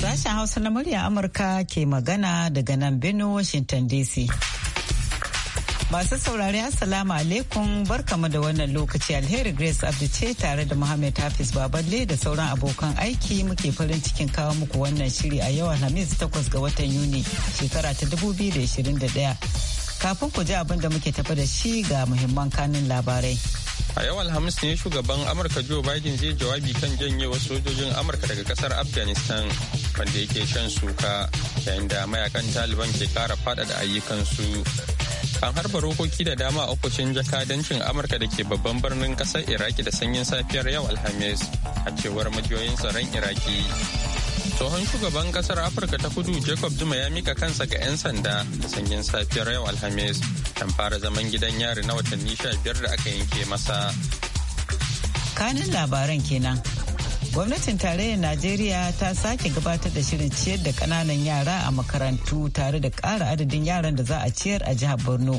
Sashen Hausa na murya Amurka ke magana daga nan Benue, Washington DC. Masu saurari Assalamu alaikum barkamu da wannan lokaci alheri Grace Abdu ce tare da Muhammad Hafiz Baballe da sauran abokan aiki muke farin cikin kawo muku wannan shiri a yau Alhamis 8 ga watan Yuni shekara ta 2021. Kafin ku ji abin da muke tafi da shi ga muhimman kanin labarai. A yau Alhamis ne shugaban Amurka Joe Biden zai jawabi kan janyewar sojojin Amurka daga kasar Afghanistan wanda yake shan suka yayin da mayakan Taliban ke kara faɗaɗa ayyukansu. An harba rokoki da dama a ofishin jakadancin Amurka da ke babban birnin kasar Iraki da sanyin safiyar yau Alhamis a cewar majiyoyin tsaron Iraki. tsohon shugaban kasar afirka ta kudu jacob zuma ya mika kansa ga 'yan sanda da sanyin safiyar yau alhamis kan fara zaman gidan yari na watanni sha biyar da aka yanke masa kanin labaran kenan gwamnatin tarayyar najeriya ta sake gabatar da shirin ciyar da kananan yara a makarantu tare da kara adadin yaran da za a ciyar a jihar borno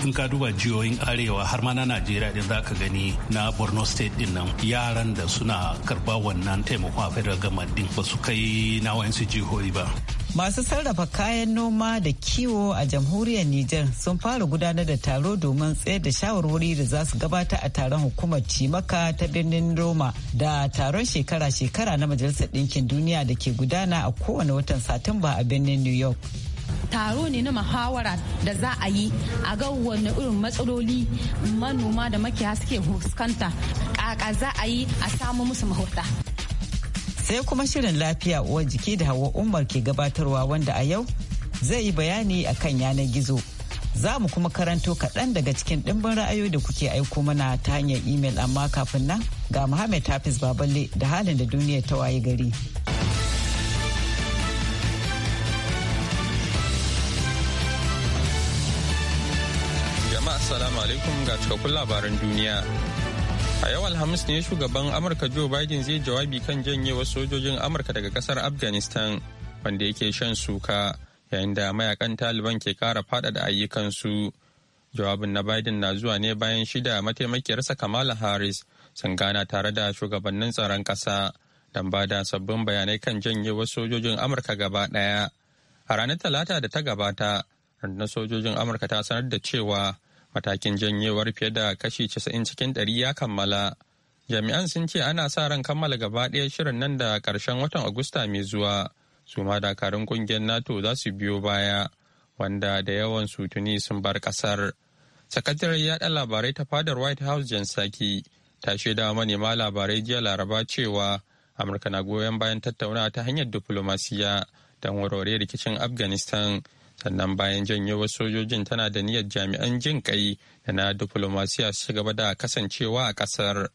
in ka duba jihohin arewa har ma na najeriya din zaka gani na borno state din nan yaran da suna karba wannan taimakon a federal gama din ba su kai na wayansu jihohi ba Masu sarrafa kayan noma da kiwo a jamhuriyar niger sun fara gudanar da taro domin tsayar da shawarwari da za su gabata a taron hukumar cimaka ta birnin Roma da taron shekara-shekara na Majalisar Ɗinkin Duniya da ke gudana a kowane watan Satumba a birnin New York. taro ne na muhawara da za a yi a ga wani irin matsaloli manoma da makiya suke fuskanta kaka za a yi a samu musu mahauta sai kuma shirin lafiya uwar jiki da hawa umar ke gabatarwa wanda a yau zai yi bayani akan yanar gizo za mu kuma karanto kaɗan daga cikin ɗimbin ra'ayoyi da kuke aiko mana ta hanyar imel amma kafin nan ga Muhammad Hafiz Baballe da halin da duniya ta waye gari. alaikum ga cikakkun labaran duniya. A yau Alhamis ne shugaban Amurka Joe Biden zai jawabi kan janyewar sojojin Amurka daga kasar Afghanistan wanda yake shan suka yayin da mayakan Taliban ke kara faɗaɗa ayyukansu. Jawabin na Biden na zuwa ne bayan shida mataimakiyarsa Kamala Harris sun gana tare da shugabannin tsaron ƙasa don ba da sabbin bayanai kan janyewar sojojin Amurka gaba ɗaya. A ranar Talata da ta gabata, rundunar sojojin Amurka ta sanar da cewa matakin janyewar fiye da kashi 90 cikin 100 ya kammala jami'an sun ce ana sa ran kammala gaba ɗaya shirin nan da ƙarshen watan agusta mai zuwa su ma dakarun ƙungiyar nato za su biyo baya wanda da yawan su tuni sun bar ƙasar ya ɗan labarai ta fadar white house jan saki ta shaida manema labarai jiya laraba cewa amurka na goyon bayan tattauna ta hanyar diflomasiya don warware rikicin afghanistan sannan bayan janyewar sojojin tana da niyyar jami'an jin kai da na diplomasiya su gaba da kasancewa a kasar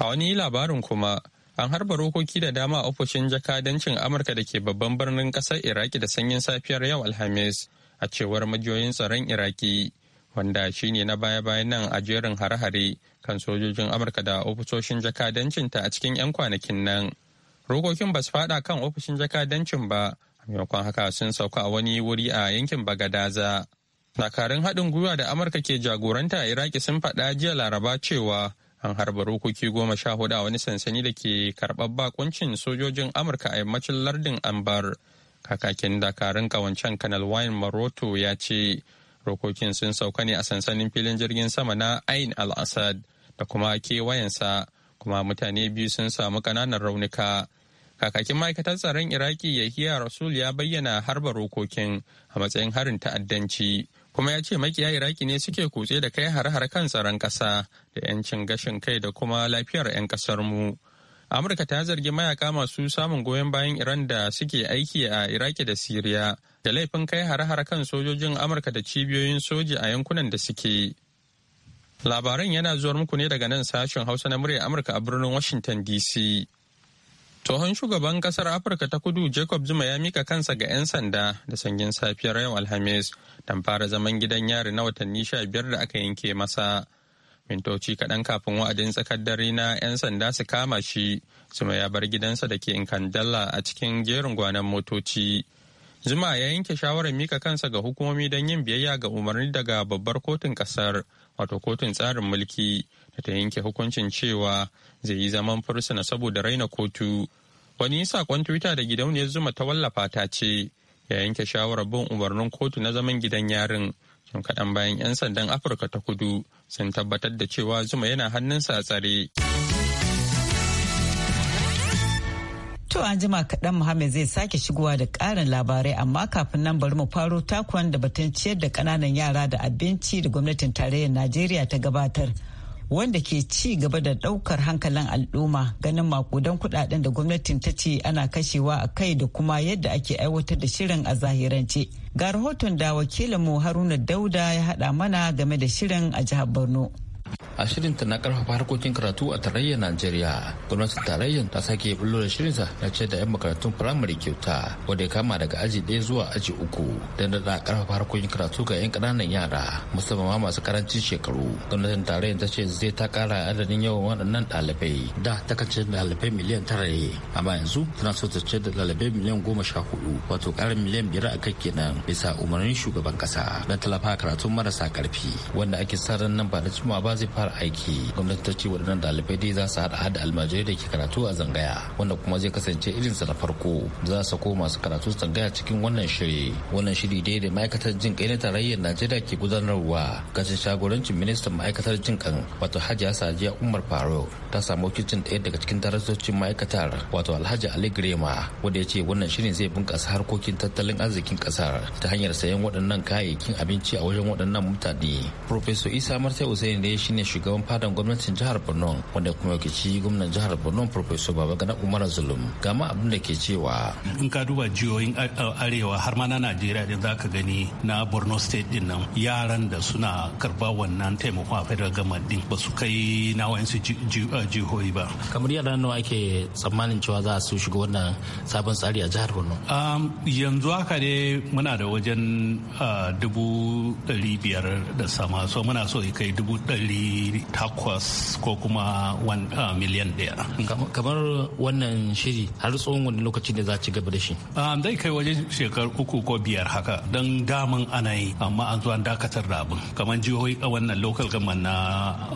a wani labarin kuma an harba rokoki da dama a ofishin jakadancin amurka da ke babban birnin kasar iraki da sanyin safiyar yau alhamis a cewar majiyoyin tsaron iraki wanda shine na baya-bayan nan a jerin hare-hare kan sojojin amurka da ofisoshin jakadancinta a cikin 'yan kwanakin nan rokokin ba su fada kan ofishin jakadancin ba maimakon haka sun sauka a wani wuri a yankin bagadaza dakarun haɗin gwiwa da amurka ke jagoranta a iraki sun faɗa jiya laraba cewa an harba rokoki goma sha hudu a wani sansani da ke karɓar bakuncin sojojin amurka a yammacin lardin anbar. kakakin dakarun kawancen kanal wayan maroto ya ce rokokin sun sauka ne a sansanin filin jirgin sama na ain al-assad da kuma kewayensa kuma mutane biyu sun samu ƙananan raunuka Kakakin ma'aikatar tsaron Iraki Yahiya Rasul ya bayyana harba rokokin a matsayin harin ta'addanci, kuma ya ce makiya Iraki ne suke kutse da kai har-har kan tsaron ƙasa da 'yancin gashin kai da kuma lafiyar 'yan ƙasar mu. Amurka ta zargi mayaka masu samun goyon bayan Iran da suke aiki a Iraki da Siriya da laifin kai har-har kan sojojin Amurka da cibiyoyin soji a yankunan da suke. Labaran yana zuwar muku ne daga nan sashen Hausa na murya Amurka a birnin Washington DC. Tsohon shugaban kasar Afirka ta kudu Jacob Zuma ya mika kansa ga 'yan sanda da sanyin safiyar yau Alhamis don fara zaman gidan yari na watanni sha biyar da aka yanke masa. Mintoci kaɗan kafin wa'adin tsakar dare na 'yan sanda su kama shi, Zuma ya bar gidansa da ke Nkandala a cikin jerin gwanan motoci. Zuma ya yanke shawarar mika kansa ga hukumomi don yin biyayya ga umarni daga babbar kotun kasar, wato kotun tsarin mulki. ta yanke hukuncin cewa zai yi zaman fursuna saboda raina kotu wani saƙon twitter da gidauniyar zuma ta wallafa ta ce ya yanke shawarar bin umarnin kotu na zaman gidan yarin sun kaɗan bayan 'yan sandan afirka ta kudu sun tabbatar da cewa zuma yana hannunsa a tsare. To an jima kaɗan Muhammad zai sake shigowa da ƙarin labarai amma kafin nan bari mu faro takon da batun ciyar da ƙananan yara da abinci da gwamnatin tarayyar Najeriya ta gabatar. wanda ke ci gaba da daukar hankalin al'umma ganin makudan kudaden da gwamnatin ta ce ana kashewa a kai da kuma yadda ake aiwatar da shirin a zahirance ga rahoton da wakilinmu haruna dauda ya hada mana game da shirin a jihar borno a shirinta na karfafa harkokin karatu a tarayyar najeriya gwamnatin tarayyar ta sake bullo da shirinsa na ce da 'yan makarantun firamare kyauta wanda ya kama daga aji ɗaya zuwa aji uku don daɗa karfafa harkokin karatu ga 'yan ƙananan yara musamman ma masu karancin shekaru gwamnatin tarayyar ta ce zai ta ƙara adadin yawan waɗannan ɗalibai da ta kace ɗalibai miliyan tara ne amma yanzu tana so ta ce da ɗalibai miliyan goma sha hudu wato ƙarin miliyan biyar a kai kenan bisa umarnin shugaban ƙasa na talafa karatun marasa ƙarfi wanda ake sa ran nan ba da jimawa ba zai fara aiki gwamnati ta ce waɗannan ɗalibai dai za su haɗa hada almajirai da ke karatu a zangaya wanda kuma zai kasance irin sa na farko za su ko masu karatu zangaya cikin wannan shiri wannan shiri dai da ma'aikatar jin kai na tarayyar najeriya ke gudanarwa gashin shagorancin ministan ma'aikatar jin kan wato hajiya sajiya umar faruk ta samu kicin ɗaya daga cikin darasocin ma'aikatar wato alhaji ali Girema wanda ya ce wannan shirin zai bunƙasa harkokin tattalin arzikin ƙasar ta hanyar sayan waɗannan kayayyakin abinci a wajen waɗannan mutane professor isa martai hussein ya shine shugaban fadan gwamnatin jihar borno wanda kuma ke ci gwamnan jihar borno professor babagana umar zulum ga ma abin da ke cewa in ka duba jihohin arewa har ma na najeriya din zaka gani na borno state din nan yaran da suna karba wannan taimako a federal government din ba su kai na wayansu jihohi ba kamar yadda nawa ake tsammanin cewa za su shiga wannan sabon tsari a jihar borno yanzu haka ne muna da wajen dubu ɗari biyar da sama so muna so ya kai dubu ɗari ɗari takwas ko kuma ah, miliyan ɗaya. kamar wannan shiri har tsohon wani lokaci da za ci gaba da shi. Ah, zai kai waje shekaru uku ko biyar haka don daman ana yi amma an zuwa dakatar da abin kamar jihohi a wannan local government na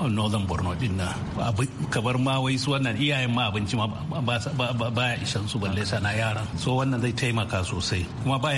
northern borno din na kamar ma wai su wannan iyayen ma abinci ma ya isan su balle sana yaran so wannan zai taimaka sosai kuma ba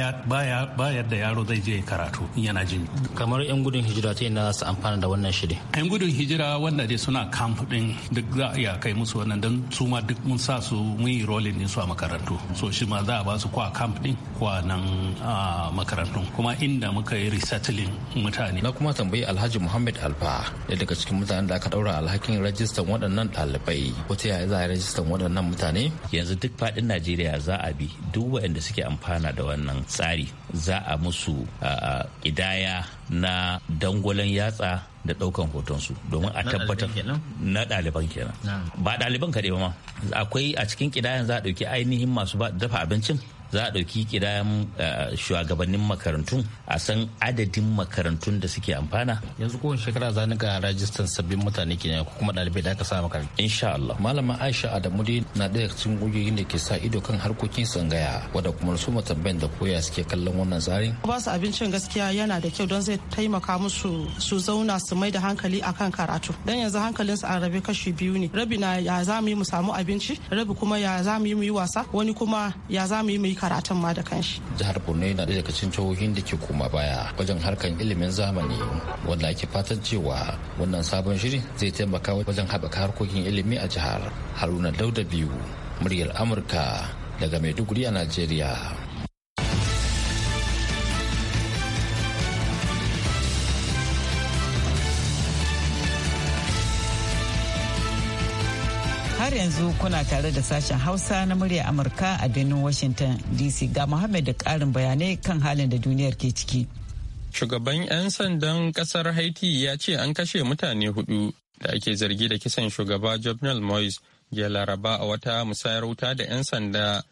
da yaro zai je karatu yana jin kamar yan gudun hijira ta na su amfana da wannan shiri yan gudun hijira wanda dai suna kamp din duk za a iya kai musu wannan don su ma duk mun sa su mun yi rolling din su a makarantu so shi ma za a ba su kwa camp din kwa nan a makarantun kuma inda muka yi resettling mutane na kuma tambayi alhaji muhammad alfa da daga cikin mutanen da aka daura alhakin rajistan waɗannan ɗalibai wata yaya za a rajistan waɗannan mutane yanzu duk faɗin najeriya za a bi duk waɗanda suke amfana da wannan tsari za a musu ƙidaya na dangwalen yatsa da ɗaukan hotonsu domin a tabbatar na ɗaliban kenan ba ɗaliban kaɗai ba ma akwai a cikin ƙidayan za a ɗauki ainihin masu dafa abincin za a ɗauki kidayen eh, shugabannin makarantun a san adadin makarantun da suke amfana yanzu kowane shekara za ga rajistan sabbin mutane ke ko kuma ɗalibai da aka sa makarantu. insha Allah malama Aisha Adamu dai na ɗaya cikin ƙungiyoyin da ke sa ido kan harkokin sangaya wadda kuma su matambayan da koya suke kallon wannan tsarin ba su abincin gaskiya yana da kyau don zai taimaka musu su zauna su mai da hankali akan karatu dan yanzu hankalin su an rabe kashi biyu ne rabi na ya za mu yi mu samu abinci rabi kuma ya za mu yi mu yi wasa wani kuma ya za mu yi mu yi karatun ma da kanshi. Jihar Borno yana da daga cikin jihohin da ke koma baya wajen harkan ilimin zamani wanda ake fatan cewa wannan sabon shiri zai taimaka wajen haɓaka harkokin ilimi a jihar. Haruna Dauda biyu muryar Amurka daga Maiduguri a Najeriya. yanzu kuna tare da sashen Hausa na murya Amurka a birnin Washington DC ga Muhammad da karin bayanai kan halin da duniyar ke ciki. Shugaban 'yan sandan kasar Haiti ya ce an kashe mutane hudu da ake zargi da kisan shugaba Jovenel Moise jiya Laraba a wata musayar wuta da 'yan sanda.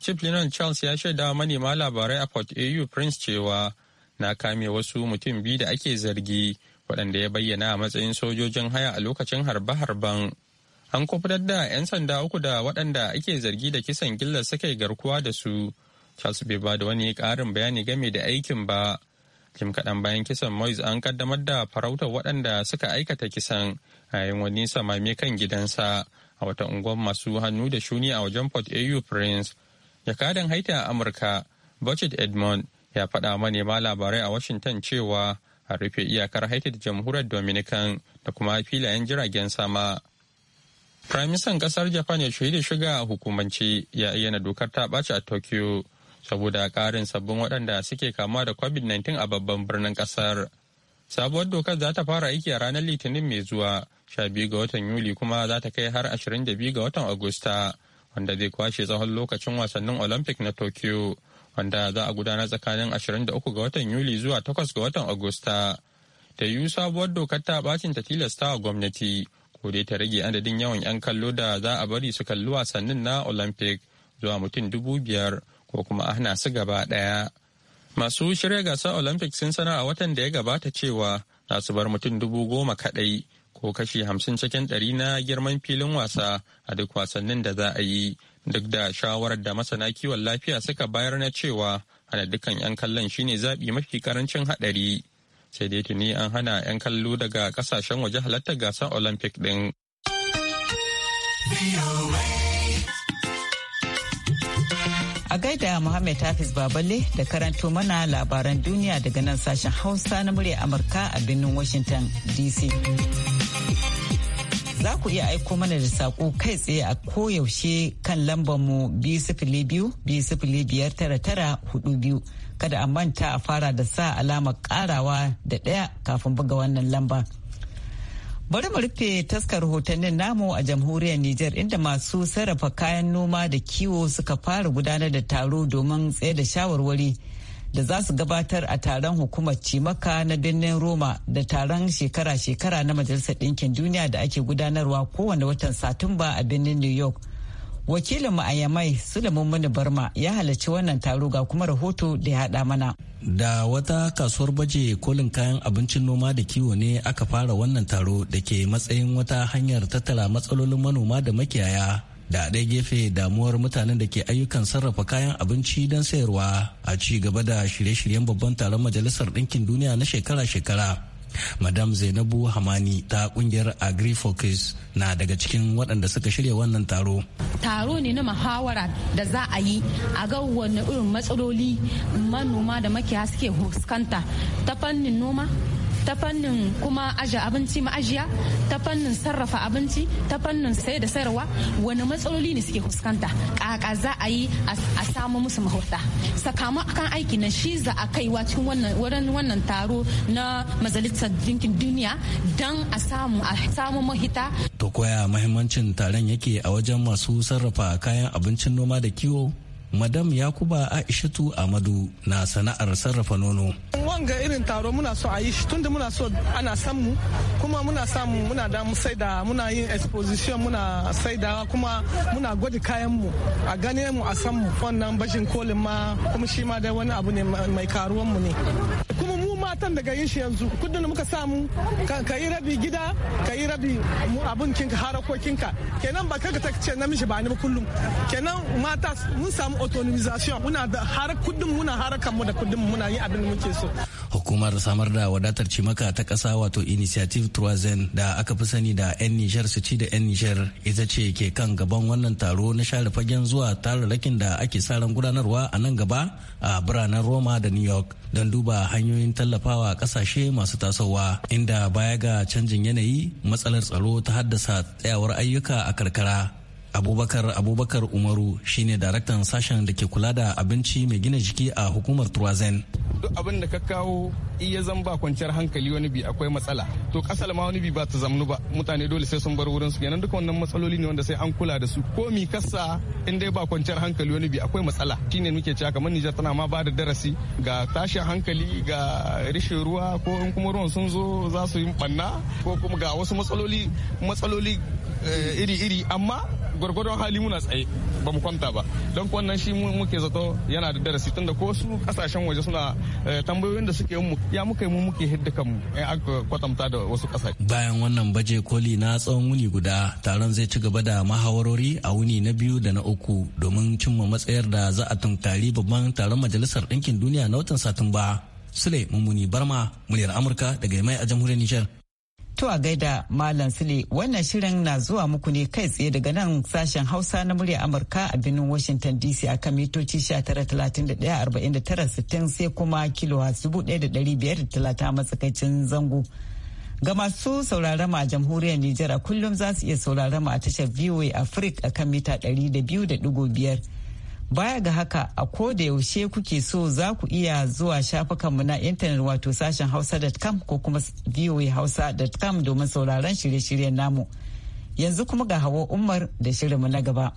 Chief Lieutenant Charles ya shaida manema labarai a Port AU Prince cewa na kame wasu mutum biyu da ake zargi waɗanda ya bayyana a matsayin sojojin haya a lokacin harbe-harben. An kofitar da 'yan sanda uku da waɗanda ake zargi da kisan gillar suka yi garkuwa da su. Charles bai ba da wani karin bayani game da aikin ba. Jim kaɗan bayan kisan Moise an kaddamar da farautar waɗanda suka aikata kisan a yayin wani samami kan gidansa a wata unguwar masu hannu da shuni a wajen Port AU Prince. Jakadan haita a Amurka, Budget Edmond, ya faɗa manema labarai a Washington cewa a rufe iyakar haiti da jamhuriyar Dominican da kuma filayen jiragen sama Firaministan kasar Japan ya da shiga a hukumance ya ayyana dokar ta ɓaci a Tokyo saboda karin sabbin waɗanda suke kama da COVID-19 a babban birnin kasar. Sabuwar dokar za ta fara aiki a ranar Litinin mai zuwa 12 ga watan Yuli kuma za ta kai har 22 ga watan Agusta wanda zai kwashe tsawon lokacin wasannin Olympic na Tokyo wanda za a gudanar tsakanin 23 ga watan Yuli zuwa 8 ga watan Agusta. Ta yiwu sabuwar dokar ta ɓacin ta tilasta wa gwamnati. ko dai ta rage adadin yawan 'yan kallo da za a bari su kalli wasannin na olympic zuwa mutum dubu biyar ko kuma a su gaba ɗaya masu shirya gasar olympic sun sana a watan da ya gabata cewa za su bar mutum dubu goma kaɗai ko kashi hamsin cikin ɗari na girman filin wasa a duk wasannin da za a yi duk da shawarar da masana kiwon lafiya suka bayar na cewa ana dukkan 'yan kallon shine zaɓi mafi karancin haɗari sai dai tuni an hana 'yan kallo daga kasashen waje halartar gasar olympic din a gaida muhammed tafis Baballe da karanto mana labaran duniya daga nan sashen Hausa na murya Amurka a birnin Washington DC. Za ku iya aiko mana da saƙo kai tsaye a koyaushe kan lambarmu biyu sifili biyu biyu sifili biyar tara tara 2 biyu. kada a manta a fara da sa alamar karawa da ɗaya kafin buga wannan lamba. Bari mu rufe taskar hotonnin namu a jamhuriyar Nijar inda masu sarrafa kayan noma da kiwo suka fara gudanar da taro domin tsaye da shawarwari da za su gabatar a taron hukumar cimaka na birnin Roma da taron shekara-shekara na Majalisar Ɗinkin Duniya da ake gudanarwa kowane watan Satumba a birnin New York. wakilin mu a yamai sulaiman barma ya halarci wannan taro ga kuma rahoto da ya haɗa mana da wata kasuwar baje kolin kayan abincin noma da kiwo ne aka fara wannan taro da ke matsayin wata hanyar tattara matsalolin manoma da makiyaya da ɗaya gefe damuwar mutanen da ke ayyukan sarrafa kayan abinci don sayarwa a ci gaba da shirye-shiryen babban taron majalisar ɗinkin duniya na shekara-shekara madam zainabu hamani ta kungiyar agri focus na daga cikin waɗanda suka shirya wannan taro taro ne na muhawara da za a yi a ga wani irin matsaloli manoma da makiya suke fuskanta ta fannin noma ta fannin kuma aje abinci ma'ajiya ta fannin sarrafa abinci ta fannin sai da sayarwa wani matsaloli ne suke fuskanta kaka za a yi a samu musu mahurta sakamakon aiki na shi za a kai cikin wannan wannan taro na majalisar dinkin duniya don a samu a samu mahita to koya mahimmancin taron yake a wajen masu sarrafa kayan abincin noma da kiwo madam yakuba aishatu amadu na sana'ar sarrafa nono ga irin taro muna so a yi shi tunda muna so ana san mu kuma muna samu muna da mu saida muna yin exposition muna saidawa kuma muna gwada kayan mu a gane mu a san mu wannan bashin kolin ma kuma shi ma dai wani abu ne mai karuwan mu ne matan daga yin shi yanzu kudin da muka samu ka yi rabi gida ka yi rabi abincinka harakokinka kenan ba kanka ta ce namiji ba ni kullum kenan mata mun samu autonomization muna da har kudin muna harakan mu da kudin muna yi abin da muke so hukumar samar da wadatar cimaka ta kasa wato initiative troisième da aka fi sani da 'yan nishar su ci da 'yan nishar ita ce ke kan gaban wannan taro na share fagen zuwa tararrakin da ake sa ran gudanarwa a nan gaba a biranen roma da new york don duba hanyoyin tallafi tallafawa kasashe masu tasowa inda baya ga canjin yanayi matsalar tsaro ta haddasa tsayawar ayyuka a karkara abubakar abubakar umaru shine daraktan sashen da ke kula da abinci mai gina jiki a hukumar Trozen. duk abin da ka kawo iya zan ba kwanciyar hankali wani bi akwai matsala to kasal ma wani bi ba ta zamnu ba mutane dole sai sun bar wurin su kenan duka wannan matsaloli ne wanda sai an kula da su ko mi kasa in dai ba kwanciyar hankali wani bi akwai matsala shine muke cewa kamar Nijar tana ma ba da darasi ga tashin hankali ga rishin ruwa ko in kuma ruwan sun zo za su yi banna ko kuma ga wasu matsaloli matsaloli eh, iri-iri amma gwargwadon hali muna tsaye ba mu kwanta ba don wannan shi muke zato yana da darasi tunda ko su kasashen waje suna eh, tambayoyin da suke mu ya muka yi mu muke hidda kanmu in aka kwatanta da wasu kasashe bayan wannan baje koli na tsawon wuni guda taron zai ci gaba da mahawarori a wuni na biyu da na uku domin cimma matsayar da za a tunkari babban taron majalisar ɗinkin duniya na watan satumba sule mummuni barma muryar amurka daga mai a jamhuriyar nijar To a gaida Malam Sule wannan shirin na zuwa muku ne kai tsaye daga nan sashen Hausa na murya Amurka a birnin Washington DC a kan mitoci sittin sai kuma kilohertz 1,530 matsakaicin zango. Ga masu sauraron a jamhuriyar Nijar a kullum za su iya sauraron a tashar VOA Africa a kan mita 200.5. Baya ga haka a ko da yaushe kuke so za ku iya zuwa shafukanmu na intanet wato sashen hausa.com ko kuma voahausa.com domin sauraron shirye-shiryen namu. Yanzu kuma ga hawa Umar da shirinmu na gaba.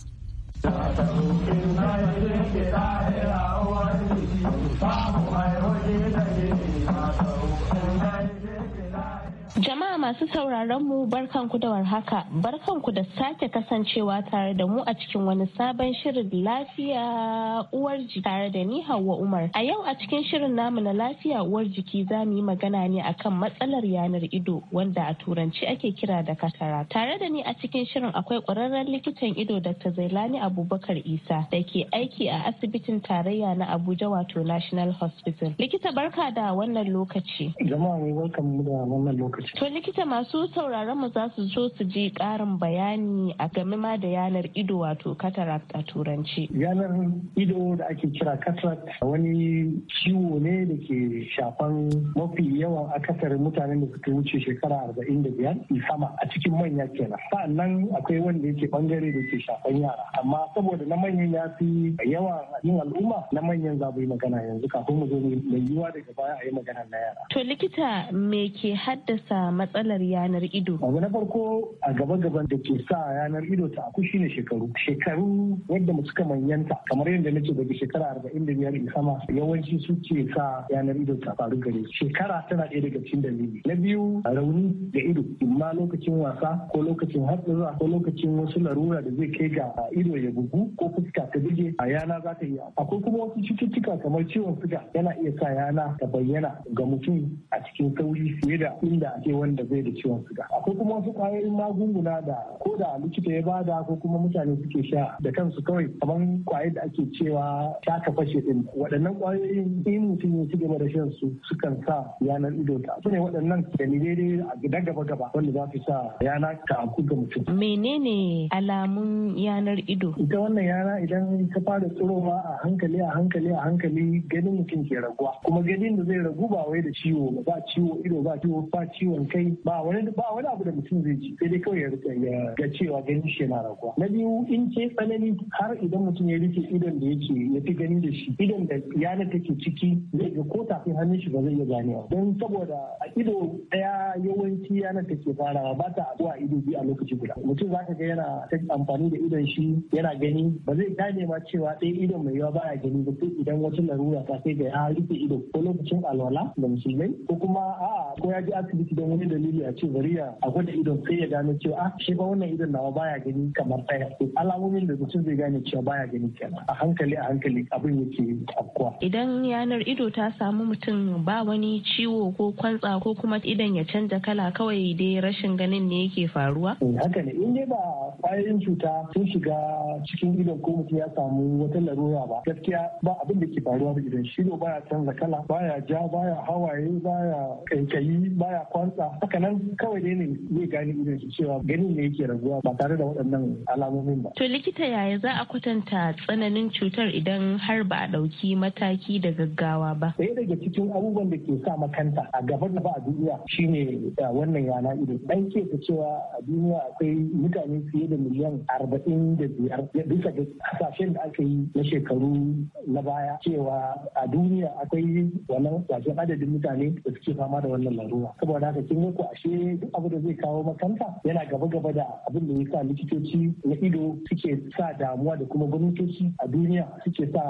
Jama'a masu sauraron mu barkanku da warhaka barkanku da sake kasancewa tare da mu a cikin wani sabon shirin lafiya uwar jiki tare da ni Hauwa Umar. A yau a cikin shirin namu na lafiya uwar jiki za mu yi magana ne akan matsalar yanar ido wanda a turanci ake kira da katara. Tare da ni a cikin shirin akwai kwararren likitan ido Dr. Zailani Abubakar Isa da ke aiki a asibitin tarayya na Abuja wato National Hospital. Likita barka da wannan lokaci. Jama'a mu da wannan lokaci. likita masu sauraron mu za su so su ji karin bayani a game ma da yanar ido wato cataract a turanci. Yanar ido da ake kira cataract wani ciwo ne da ke shafan mafi yawan akasarin mutanen da suka wuce shekara arba'in da biyar sama a cikin manya kenan. Sa'annan akwai wanda yake bangare da ke shafan yara amma saboda na manyan ya fi yawa yin al'umma na manyan za yi magana yanzu kafin mu zo mai yiwuwa daga baya a yi magana na yara. To likita me ke haddasa matsalar matsalar yanar ido? Abu na farko a gaba-gaban da ke sa yanar ido ta aku shine shekaru. Shekaru yadda suka manyanta kamar yadda na ce daga shekara arba'in da biyar sama yawanci su ke sa yanar ido ta faru gare Shekara tana ɗaya daga cikin dalili. Na biyu rauni da ido imma lokacin wasa ko lokacin hatsura ko lokacin wasu larura da zai kai ga ido ya bugu ko fuska ta buge a yana za ta iya. Akwai kuma wasu cututtuka kamar ciwon suga yana iya sa yana ta bayyana ga mutum a cikin sauri fiye da inda ake wanda zai da ciwon suga akwai kuma wasu kwayoyin magunguna da ko da likita ya bada ko kuma mutane suke sha da kansu kawai kamar kwayoyin da ake cewa ta ka fashe din waɗannan kwayoyin in mutum ya ci gaba da shan su sukan sa yanar ido ta su ne waɗannan daidai dai gida gaba gaba wanda za su sa yana ta aku ga mutum. menene alamun yanar ido ita wannan yana idan ka fara tsirowa a hankali a hankali a hankali ganin mutum ke raguwa kuma ganin da zai ragu ba wai da ciwo ba ciwo ido ba ciwo ba ciwon kai ba wani ba wani abu da mutum zai ci sai dai kawai ya rika ga cewa ganin shi yana raguwa na biyu in ce tsanani har idan mutum ya rike idon da yake ya fi gani da shi idon da yana take ciki zai ga ko tafin hannun shi ba zai iya ganewa don saboda a ido ɗaya yawanci yana take farawa ba ta zuwa ido biyu a lokaci guda mutum za ka ga yana amfani da idon shi yana gani ba zai gane ma cewa ɗaya idon mai yawa baya gani ba sai idan wata larura ta sai ga ya rike ido ko lokacin alwala da musulmai ko kuma a'a ko ya je asibiti don wani da dalili a ce bari a gwada idon sai ya gano cewa a ah, shi ba wannan idon nawa baya gani kamar ɗaya alamomin da mutum zai gane cewa baya gani kenan a hankali a hankali abin yake afkuwa idan yanar ido ta samu mutum ba wani ciwo ko kwantsa ko kuma idan ya canja kala kawai dai rashin ganin ne yake faruwa eh, haka ne in dai ba kwayoyin cuta sun shiga cikin idon ko mutum ya samu wata larura ba gaskiya ba abin da ke faruwa da idan shi baya canza kala baya ja baya hawaye baya kankayi baya kwantsa haka nan kawai ne ne zai gane idan su cewa ganin ne yake raguwa ba tare da waɗannan alamomin ba. To likita yaya za a kwatanta tsananin cutar idan har ba a ɗauki mataki da gaggawa ba? Ɗaya daga cikin abubuwan da ke sa makanta a gaban da ba a duniya shine eh, wannan yana ido. Ɗan ke ta cewa a duniya akwai mutane fiye da miliyan arba'in da biyar bisa ga hasashen da aka yi na shekaru na baya cewa a duniya akwai wannan wajen adadin mutane da suke fama da wannan larura. Saboda haka kin yi ashe duk abu da zai kawo makanta yana gaba gaba da abin da ya sa likitoci na ido suke sa damuwa da kuma gwamnatoci a duniya suke sa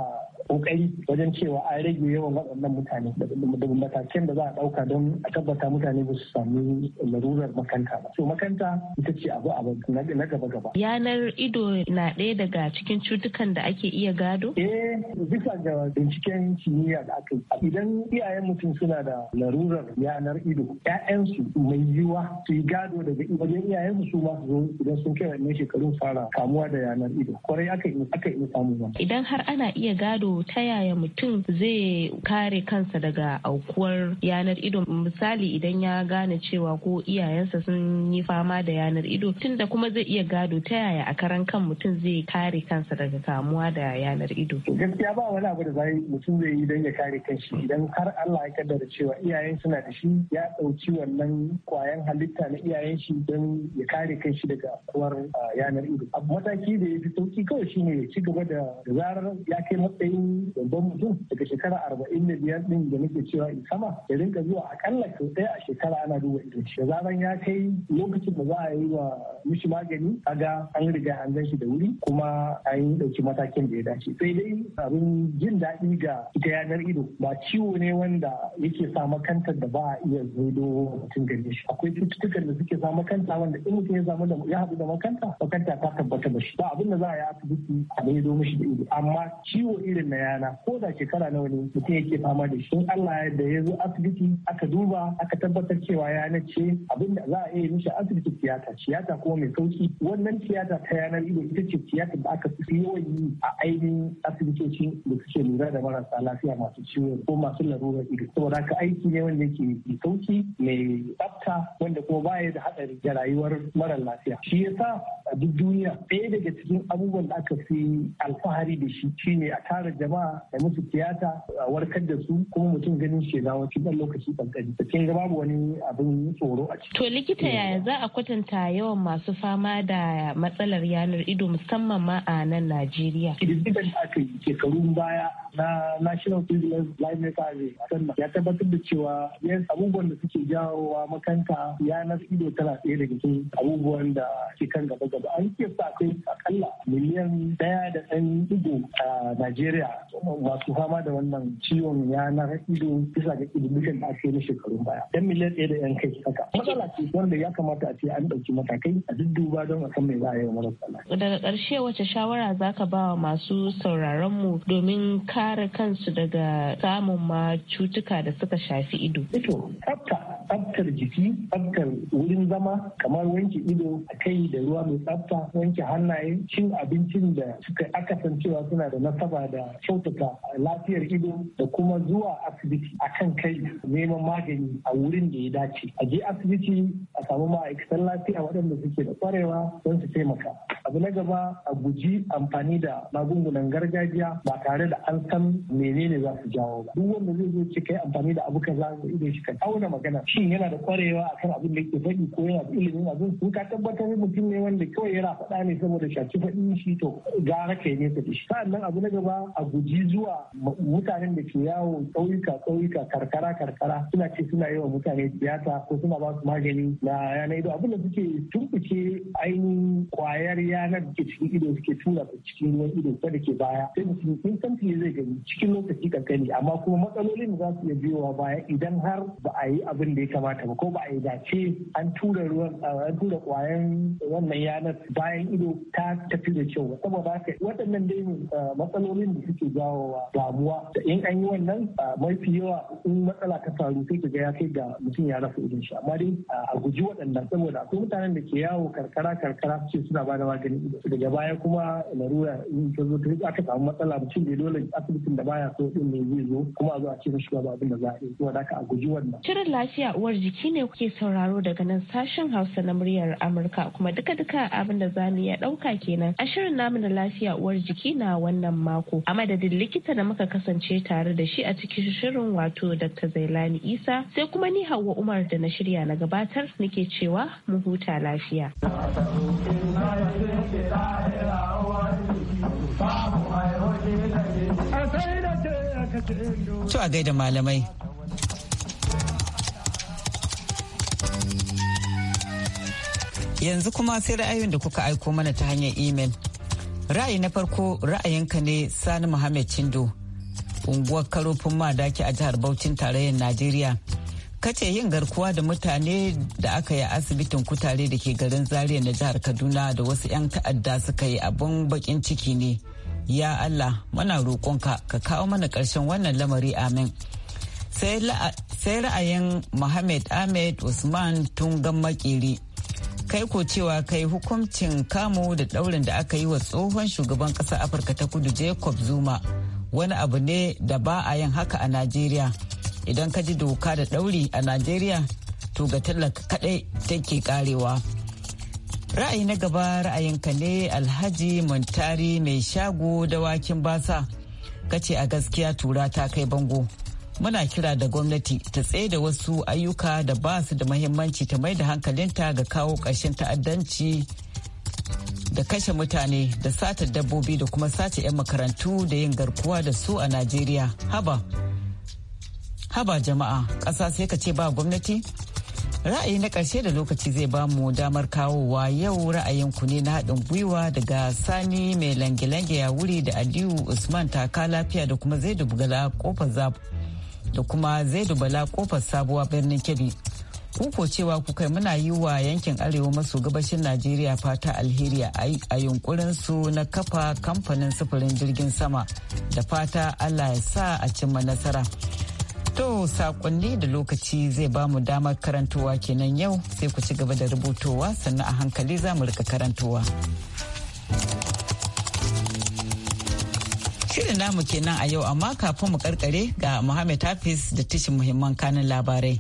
kokari wajen cewa an rage yawan waɗannan mutane da matakin da za a ɗauka don a tabbata mutane ba su samu larurar makanta ba. So makanta ita ce abu abu na gaba gaba. Yanar ido na ɗaya daga cikin cutukan da ake iya gado? Eh bisa ga binciken kimiyya da aka yi. Idan iyayen mutum suna da larurar yanar ido, ‘ya'yansu mai yiwuwa su yi gado daga wajen iyayen su ma su zo idan sun kai wannan shekarun fara kamuwa da yanar ido. Kwarai aka yi aka samu Idan har ana iya gado ta yaya mutum zai kare kansa daga aukuwar yanar ido misali idan ya gane cewa ko iyayensa sun yi fama da yanar ido tun da kuma zai iya gado ta yaya a karan kan mutum zai kare kansa daga kamuwa da yanar ido gaskiya ba wani abu da zai mutum zai yi don ya kare kanshi idan har Allah ya kaddara cewa iyayen suna da shi ya ɗauki wannan kwayan halitta na iyayen shi don ya kare kanshi daga aukuwar ah, yanar ido abu mataki da ya fi sauki kawai shine ya ci gaba da zarar ya kai matsayin babban mutum daga shekara arba'in da biyar din da nake cewa in sama ya rinka zuwa akalla sau ɗaya a shekara ana duba ido da zaran ya kai lokacin da za a yi wa mishi magani a ga an riga an gan shi da wuri kuma an ɗauki matakin da ya dace sai dai abin jin daɗi ga ita yanar ido ba ciwo ne wanda yake sa makantar da ba a iya zaido mutum gani shi akwai cututtukan da suke sa makanta wanda in mutum ya samu da ya haɗu da makanta makanta ta tabbata da shi ba abin da za a yi asibiti a zaido mishi da ido amma ciwo irin na yana ko da shekara nawa ne mutum yake fama da shi Allah da ya zo asibiti aka duba aka tabbatar cewa ya na ce abin da za a iya mishi asibiti tiyata tiyata kuma mai sauki wannan tiyata ta yanar ido ita ce tiyata da aka fi yawan yi a ainihin asibitocin da suke lura da marasa lafiya masu ciwo ko masu larurar ido saboda haka aiki ne wanda yake mai sauki mai tsafta wanda kuma ba baya da hadari ga rayuwar mara lafiya shi yasa a duk duniya ɗaya daga cikin abubuwan da aka fi alfahari da shi shine a tara jama'a a musu tiyata a warkar da su kuma mutum ganin shi na wani ɗan lokaci kankani da kin ga wani abin tsoro a ciki. To likita eh. yaya za a kwatanta yawan masu fama da matsalar yanar ido musamman ma a nan Najeriya? Kididdigan da aka yi shekarun baya na National Prisoners Library Survey a kan ya tabbatar da cewa yan abubuwan da suke jawowa makanta yanar ido tana ɗaya daga cikin abubuwan da ke kan gaba gaba. An ke akwai akalla miliyan ɗaya da ɗan ido a Najeriya masu fama da wannan ciwon yanar ido bisa ga ilimin da ake na shekarun baya yan miliyan ɗaya da yan kai haka matsala ce wanda ya kamata a ce an ɗauki matakai a dudduba don a san mai za a yi wa marasa daga ƙarshe wace shawara za ka ba wa masu sauraron mu domin kare kansu daga samun ma cutuka da suka shafi ido ito tsafta tsaftar jiki tsaftar wurin zama kamar wanke ido a kai da ruwa mai tsafta wanke hannaye cin abincin da suka akasancewa suna da nasaba da kyautata lafiyar ido da kuma zuwa asibiti a kan kai neman magani a wurin da ya dace a je asibiti a samu ma'aikatan lafiya waɗanda suke da kwarewa don su taimaka abu na gaba a guji amfani da magungunan gargajiya ba tare da an san menene za su jawo ba duk wanda zai zo ce kai amfani da abu kaza ga ido shi ka tauna magana shin yana da kwarewa akan abin da yake faɗi ko yana da ilimin abin su ka tabbatar mutum ne wanda kawai yana faɗa ne saboda shaci faɗi shi to gara kai nesa faɗi shi sa'annan abu na gaba a guji zuwa mutanen da ke yawo ƙauyuka ƙauyuka karkara karkara suna ce suna yi wa mutane tiyata ko suna ba su magani na yanayi da abin da suke tumɓuke ainihin kwayar yanar da cikin ido suke tura cikin ruwan ido ta ke baya sai mutum instantly zai gani cikin lokaci kankani amma kuma matsalolin da za su iya biyowa baya idan har ba a yi abin da ya kamata ba ko ba a yi dace an tura ruwan an tura kwayan wannan yanar bayan ido ta tafi da kyau saboda haka waɗannan dai matsalolin da suke jawowa damuwa da in an yi wannan mafi yawa in matsala ta faru sai ka ga ya kai ga mutum ya rasa idon shi amma dai a guji waɗannan saboda akwai mutanen da ke yawo karkara karkara suke suna ba da magani daga baya kuma larura in ta zo aka samu matsala mutum da dole asibitin da baya so din ne zai zo kuma a zo a ce mishi abin da za a yi saboda a guji wannan shirin lafiya uwar jiki ne kuke sauraro daga nan sashen Hausa na muryar Amurka kuma duka-duka abin da za mu iya ɗauka kenan a shirin namu na lafiya uwar jiki na wannan mako a madadin likita da muka kasance tare da shi a cikin shirin wato Dr. Zailani Isa sai kuma ni Hauwa Umar da na shirya na gabatar nake cewa mu huta lafiya. To a gaida malamai. Yanzu kuma sai ra'ayoyin da kuka aiko mana ta hanyar imel. Ra'ayi na farko ra'ayinka ne Sani Muhammad Chindo, unguwar karofin madaki a jihar Bauchin tarayyar Najeriya. kace yin garkuwa da mutane da aka yi asibitin kutare da ke garin zaria na jihar kaduna da wasu 'yan ta'adda suka yi abin bakin ciki ne ya allah muna roƙonka ka kawo mana ƙarshen wannan lamari amin sai ra'ayin mohamed Ahmed Usman Tungan Makiri. Kai ko cewa kai hukuncin kamu da daurin da aka yi wa tsohon shugaban ƙasar Afirka ta kudu Jacob Zuma wani abu ne da ba a yin haka a Najeriya. idan ka ji doka da ɗauri a najeriya to ga tallaka kaɗai take karewa ra'ayi na gaba ra'ayinka ne alhaji muntari mai shago da wakin basa kace a gaskiya tura ta kai bango muna kira da gwamnati ta da wasu ayyuka da ba su da mahimmanci ta mai da hankalinta ga kawo ƙarshen ta'addanci da kashe mutane da satar dabbobi da kuma sace 'yan makarantu da yin garkuwa da su a najeriya haba haba jama'a ƙasa sai ka ce ba gwamnati ra'ayi na ƙarshe da lokaci zai ba mu damar kawowa yau ra'ayinku ne na haɗin gwiwa daga sani mai lange-lange ya wuri da aliyu usman taka lafiya da kuma zai dubgala kofar zab da kuma zai dubala kofar sabuwa birnin kebbi kuko cewa kukai muna yi wa yankin arewa maso gabashin najeriya fata alheri a yunkurin su na kafa kamfanin sufurin jirgin sama da fata allah ya sa a cimma nasara To sakonni da lokaci zai ba mu damar karantowa kenan yau sai ku ci gaba da rubutowa sannan a hankali za mu rika karantowa. Shirin namu kenan a yau amma kafin mu karkare ga Muhammad Hafiz da tishin muhimman kanin labarai.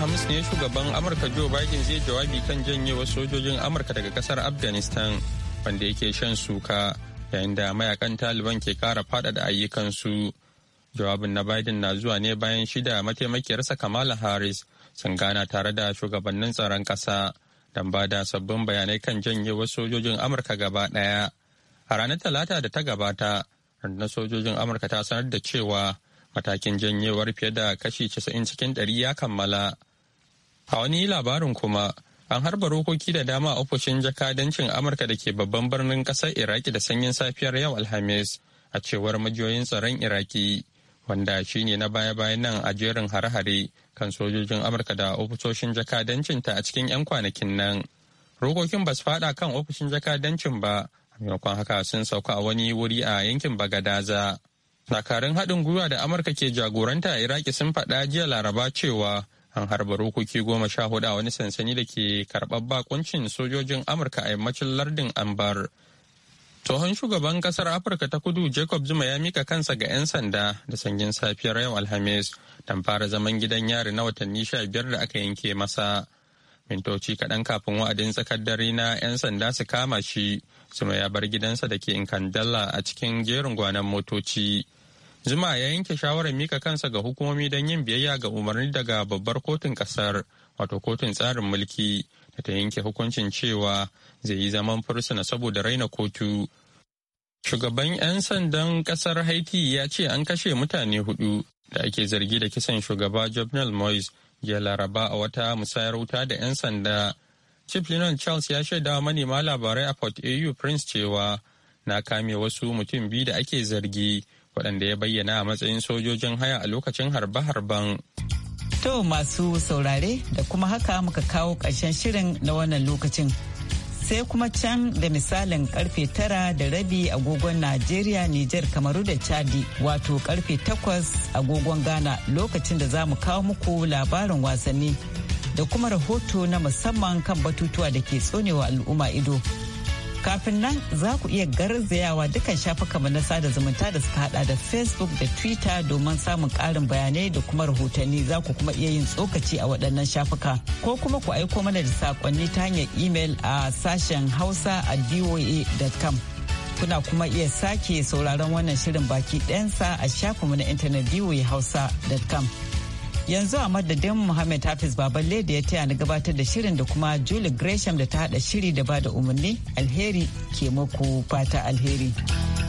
Alhamis ne shugaban Amurka Joe Biden zai jawabi kan janyewa sojojin Amurka daga kasar Afghanistan wanda yake shan suka yayin da mayakan Taliban ke kara faɗaɗa ayyukansu. Jawabin na Biden na zuwa ne bayan shida mataimakiyarsa Kamala Harris sun gana tare da shugabannin tsaron ƙasa don ba da sabbin bayanai kan janyewar sojojin Amurka gaba ɗaya. A ranar Talata da ta gabata, rundunar sojojin Amurka ta sanar da cewa matakin janyewar fiye da kashi 90 cikin ɗari ya kammala A wani labarin kuma an harba rokoki da dama a ofishin jakadancin Amurka da ke babban birnin ƙasar Iraki da sanyin safiyar yau Alhamis a cewar majiyoyin tsaron Iraki wanda shi ne na baya-bayan nan a jerin hare-hare kan sojojin Amurka da ofisoshin jakadancinta a cikin 'yan kwanakin nan. Rokokin ba su faɗa kan ofishin jakadancin ba, maimakon haka sun sauka a wani wuri a yankin Bagadaza. Dakarun haɗin gwiwa da Amurka ke jagoranta a Iraki sun faɗa jiya Laraba cewa an harba rokoki goma sha hudu a wani sansani da ke karɓar bakuncin sojojin amurka a yammacin lardin anbar. tsohon shugaban kasar afirka ta kudu jacob zuma ya mika kansa ga 'yan sanda da sanyin safiyar yau alhamis don fara zaman gidan yari na watanni sha biyar da aka yanke masa mintoci kaɗan kafin wa'adin tsakar dare na 'yan sanda su kama shi zuma ya bar gidansa da ke inkandala a cikin jerin gwanan motoci. Zuma ya yanke shawarar mika kansa ga hukumomi don yin biyayya ga umarni daga babbar kotun kasar wato kotun tsarin mulki da ta yanke hukuncin cewa zai yi zaman fursuna saboda raina kotu. Shugaban 'yan sandan kasar Haiti ya ce an kashe mutane hudu da ake zargi da kisan shugaba Jovenel Moise jiya Laraba a wata musayar wuta da 'yan sanda. Chief Linon Charles ya shaida manema labarai a Port AU Prince cewa na kame wasu mutum biyu da ake zargi waɗanda ya bayyana a matsayin sojojin haya a lokacin harbe-harben. To masu saurare da kuma haka muka kawo ƙarshen shirin na wannan lokacin. Sai kuma can da misalin karfe tara da rabi agogon Najeriya, Nijar, Kamaru da Chadi wato karfe takwas agogon Ghana lokacin da za mu kawo muku labarin wasanni da kuma rahoto na musamman kan batutuwa da ke tsonewa al'umma ido. Kafin nan za ku iya garzayawa dukkan shafukanmu na sada zumunta da suka hada da Facebook da Twitter domin samun karin bayanai da kuma rahotanni za ku kuma iya yin tsokaci a waɗannan shafuka. Ko kuma ku aiko mana da saƙonni ta hanyar email a sashen hausa a voa.com. Kuna kuma iya sake sauraron wannan shirin baki ɗansa a shafinmu na intanet voahausa.com. yanzu a madadin Muhammad Hafiz Baballe da ya taya ni gabatar da shirin da kuma Julie Gresham da ta hada shiri da bada umarni alheri ke muku fata alheri.